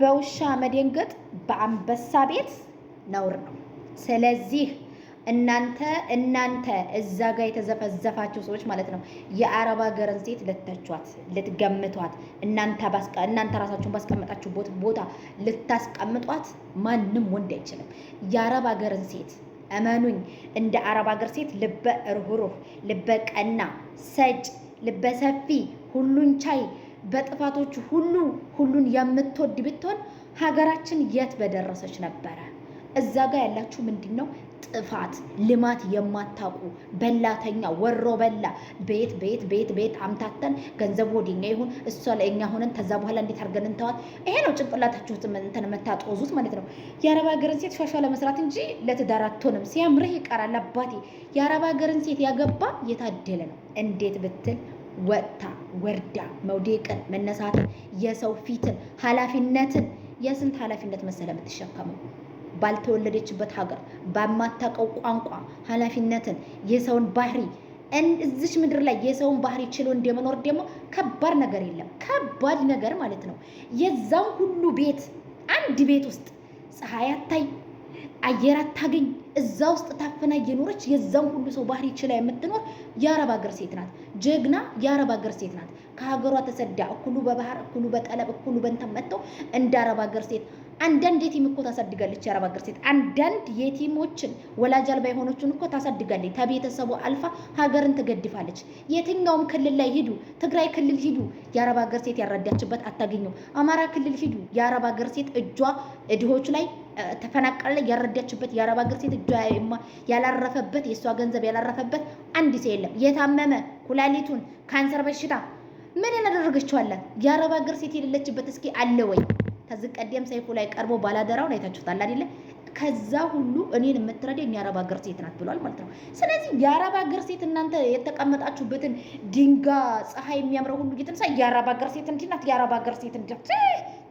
በውሻ መደንገጥ በአንበሳ ቤት ነውር ነው። ስለዚህ እናንተ እናንተ እዛ ጋር የተዘፈዘፋችሁ ሰዎች ማለት ነው የአረብ ሀገርን ሴት ልተቿት ልትገምቷት፣ እናንተ እናንተ ራሳችሁን ባስቀመጣችሁ ቦታ ልታስቀምጧት ማንም ወንድ አይችልም። የአረብ ሀገርን ሴት እመኑኝ፣ እንደ አረብ ሀገር ሴት ልበ ርህሩህ፣ ልበ ቀና፣ ሰጭ፣ ልበ ሰፊ፣ ሁሉን ቻይ በጥፋቶች ሁሉ ሁሉን የምትወድ ብትሆን ሀገራችን የት በደረሰች ነበረ? እዛ ጋር ያላችሁ ምንድን ነው ጥፋት ልማት የማታውቁ በላተኛ ወሮ በላ ቤት ቤት ቤት ቤት አምታተን ገንዘቡ ወዲኛ ይሁን እሷ ለእኛ ሆነን ከዛ በኋላ እንዴት አድርገን እንተዋት። ይሄ ነው ጭንቅላታችሁ እንትን የምታጦዙት ማለት ነው። የአረብ ሀገርን ሴት ሻሻ ለመስራት እንጂ ለትዳር አትሆንም። ሲያምርህ ይቀራል አባቴ። የአረብ ሀገርን ሴት ያገባ የታደለ ነው። እንዴት ብትል ወጥታ ወርዳ መውደቅን፣ መነሳትን፣ የሰው ፊትን፣ ኃላፊነትን የስንት ኃላፊነት መሰለ የምትሸከመው ባልተወለደችበት ሀገር በማታውቀው ቋንቋ ኃላፊነትን የሰውን ባህሪ እዚች ምድር ላይ የሰውን ባህሪ ችሎ እንደመኖር ደግሞ ከባድ ነገር የለም። ከባድ ነገር ማለት ነው። የዛም ሁሉ ቤት አንድ ቤት ውስጥ ፀሐይ አታይ አየር አታገኝ እዛ ውስጥ ታፍና እየኖረች የዛን ሁሉ ሰው ባህሪ ችላ የምትኖር የአረብ ሀገር ሴት ናት። ጀግና የአረብ ሀገር ሴት ናት። ከሀገሯ ተሰዳ እኩሉ በባህር እኩሉ በጠለብ እኩሉ በእንተን እንደ አረብ ሀገር ሴት አንዳንድ የቲም እኮ ታሳድጋለች የአረብ ሀገር ሴት። አንዳንድ የቲሞችን ወላጅ አልባ የሆኖችን እኮ ታሳድጋለች። ከቤተሰቡ አልፋ ሀገርን ትገድፋለች። የትኛውም ክልል ላይ ሂዱ፣ ትግራይ ክልል ሂዱ፣ የአረብ ሀገር ሴት ያረዳችበት አታገኙም። አማራ ክልል ሂዱ፣ የአረብ ሀገር ሴት እጇ እድሆች ላይ ተፈናቀለ ያረዳችበት የአረብ ሀገር ሴት እጇ ያላረፈበት የእሷ ገንዘብ ያላረፈበት አንድ ሰው የለም። የታመመ ኩላሊቱን ካንሰር በሽታ ምን እናደረገችዋለን? የአረብ ሀገር ሴት የሌለችበት እስኪ አለ ወይ? ከዚህ ቀደም ሰይፉ ላይ ቀርቦ ባላደራውን አይታችሁታል አይደለ? ከዛ ሁሉ እኔን የምትረዳኝ የአረብ ሀገር ሴት ናት ብሏል ማለት ነው። ስለዚህ የአረብ ሀገር ሴት እናንተ የተቀመጣችሁበትን ድንጋ ፀሐይ የሚያምረው ሁሉ እየተነሳ የአረብ ሀገር ሴት እንዲህ ናት፣ የአረብ ሀገር ሴት እንዲህ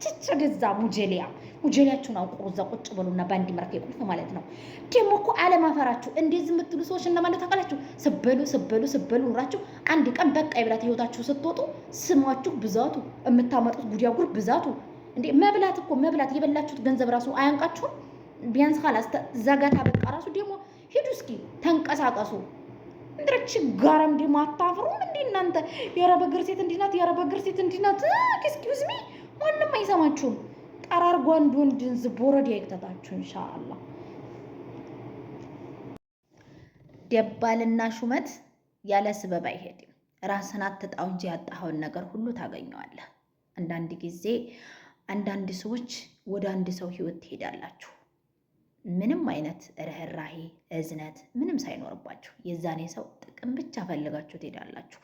ችች ገዛ ሙጀሊያ ሙጀሊያችሁን አውቁሩ። እዛ ቁጭ ብሉና በአንድ መርፌ ቁልፍ ማለት ነው። ደግሞ እኮ አፈራችሁ እንደዚህ የምትሉ ሰዎች እነማን ታውቃላችሁ? ስበሉ ስበሉ ስበሉ ኑራችሁ አንድ ቀን በቃ ይብላት ህይወታችሁ ስትወጡ ስማችሁ ብዛቱ የምታመጡት ጉዳጉር ብዛቱ እንዴ መብላት እኮ መብላት የበላችሁት ገንዘብ ራሱ አያንቃችሁም? ቢያንስ ካላስ ዘጋታ በቃ ራሱ ደግሞ ሂዱ እስኪ ተንቀሳቀሱ። እንድረ ችጋራም ደግሞ አታፍሩም እንዴ እናንተ? የረበግር ሴት እንዲናት፣ ናት፣ የረበግር ሴት እንዲናት። ናት። ኤክስኪውዝ ሚ ማንም አይሰማችሁም። ጠራርጎ አንድ ወንድን ቦረድ ያይቅጠጣችሁ እንሻአላ። ደባልና ሹመት ያለ ስበብ አይሄድም። ራስን አትጣው እንጂ ያጣኸውን ነገር ሁሉ ታገኘዋለህ። አንዳንድ ጊዜ አንዳንድ ሰዎች ወደ አንድ ሰው ህይወት ትሄዳላችሁ ምንም አይነት ረህራሄ እዝነት ምንም ሳይኖርባችሁ የዛኔ ሰው ጥቅም ብቻ ፈልጋችሁ ትሄዳላችሁ።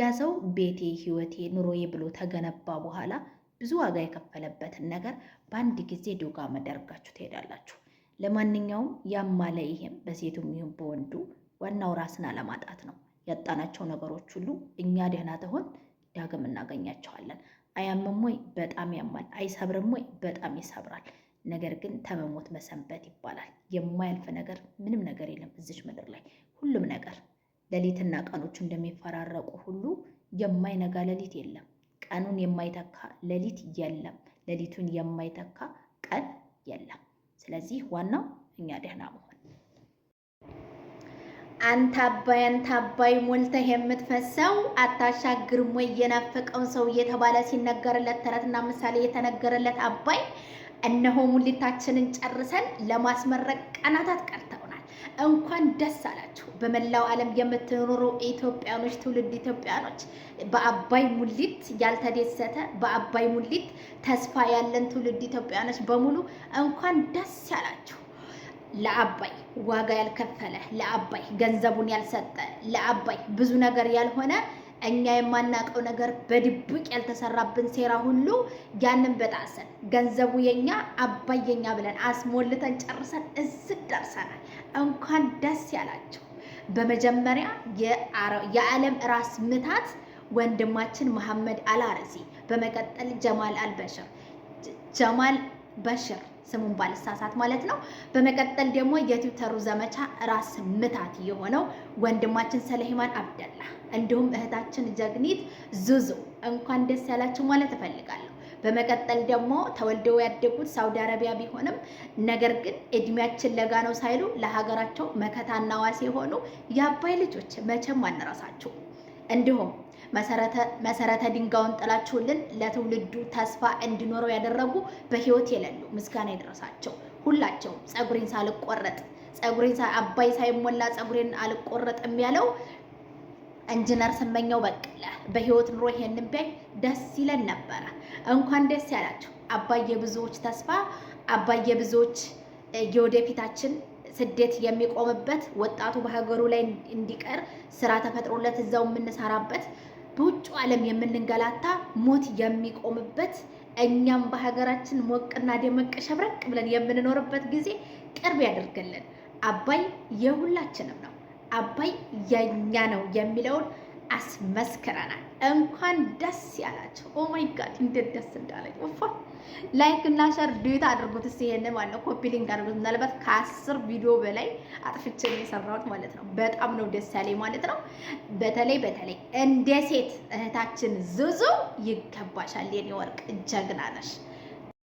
ያ ሰው ቤቴ፣ ህይወቴ፣ ኑሮዬ ብሎ ተገነባ በኋላ ብዙ ዋጋ የከፈለበትን ነገር በአንድ ጊዜ ዶጋ መደርጋችሁ ትሄዳላችሁ። ለማንኛውም ያማለ ይሄም በሴቱም ይሁን በወንዱ ዋናው ራስን አለማጣት ነው። ያጣናቸው ነገሮች ሁሉ እኛ ደህና ተሆን ዳግም እናገኛቸዋለን። አያምም ወይ? በጣም ያማል። አይሰብርም ወይ? በጣም ይሰብራል። ነገር ግን ተመሞት መሰንበት ይባላል። የማያልፍ ነገር ምንም ነገር የለም እዚች ምድር ላይ ሁሉም ነገር ሌሊትና ቀኖቹ እንደሚፈራረቁ ሁሉ የማይነጋ ሌሊት የለም። ቀኑን የማይተካ ሌሊት የለም። ሌሊቱን የማይተካ ቀን የለም። ስለዚህ ዋናው እኛ ደህና መሆን አንተ አባይ አንተ አባይ ሞልተህ የምትፈሰው አታሻግርም ወይ የናፈቀውን ሰው እየተባለ ሲነገርለት ተረትና ምሳሌ የተነገረለት አባይ እነሆ ሙሊታችንን ጨርሰን ለማስመረቅ ቀናታት ቀርተውናል። እንኳን ደስ አላችሁ በመላው ዓለም የምትኖሩ ኢትዮጵያኖች፣ ትውልድ ኢትዮጵያኖች በአባይ ሙሊት ያልተደሰተ በአባይ ሙሊት ተስፋ ያለን ትውልድ ኢትዮጵያኖች በሙሉ እንኳን ደስ አላችሁ። ለአባይ ዋጋ ያልከፈለ ለአባይ ገንዘቡን ያልሰጠ ለአባይ ብዙ ነገር ያልሆነ እኛ የማናውቀው ነገር በድብቅ ያልተሰራብን ሴራ ሁሉ ያንን በጣሰን ገንዘቡ የኛ አባይ የኛ ብለን አስሞልተን ጨርሰን እዚህ ደርሰናል። እንኳን ደስ ያላቸው። በመጀመሪያ የዓለም ራስ ምታት ወንድማችን መሐመድ አልአርሲ፣ በመቀጠል ጀማል አልበሽር ጀማል በሽር ስሙን ባልሳሳት ማለት ነው። በመቀጠል ደግሞ የትዊተሩ ዘመቻ ራስ ምታት የሆነው ወንድማችን ሰለሂማን አብደላ እንዲሁም እህታችን ጀግኒት ዙዙ እንኳን ደስ ያላችሁ ማለት እፈልጋለሁ። በመቀጠል ደግሞ ተወልደው ያደጉት ሳውዲ አረቢያ ቢሆንም ነገር ግን እድሜያችን ለጋ ነው ሳይሉ ለሀገራቸው መከታና ዋሴ የሆኑ የአባይ ልጆች መቼም አንረሳችሁም። እንዲሁም መሰረተ ድንጋዩን ጥላችሁልን ለትውልዱ ተስፋ እንዲኖረው ያደረጉ በህይወት የሌሉ ምስጋና የደረሳቸው ሁላቸውም ጸጉሬን ሳልቆረጥ ፀጉሬን አባይ ሳይሞላ ጸጉሬን አልቆረጥም ያለው ኢንጂነር ስመኘው በቀለ በህይወት ኑሮ ይሄንን ቢያይ ደስ ይለን ነበረ። እንኳን ደስ ያላቸው አባዬ ብዙዎች ተስፋ አባዬ ብዙዎች የወደፊታችን ስደት የሚቆምበት ወጣቱ በሀገሩ ላይ እንዲቀር ስራ ተፈጥሮለት እዛው የምንሰራበት በውጭ ዓለም የምንገላታ ሞት የሚቆምበት እኛም በሀገራችን ሞቅና ደመቅ ሸብረቅ ብለን የምንኖርበት ጊዜ ቅርብ ያደርግልን። አባይ የሁላችንም ነው፣ አባይ የኛ ነው የሚለውን አስመስክረናል። እንኳን ደስ ያላቸው። ኦማይ ጋድ እንዴት ደስ እንዳለኝ ላይክ እና ሸር ዱት አድርጉት። እስኪ ማለት ነው ኮፒ ሊንክ አድርጉት። ምናልባት ከአስር ቪዲዮ በላይ አጥፍቼ ነው የሰራሁት ማለት ነው። በጣም ነው ደስ ያለኝ ማለት ነው። በተለይ በተለይ እንደ ሴት እህታችን ዙዙ ይገባሻል፣ የኔ ወርቅ ጀግና ነሽ።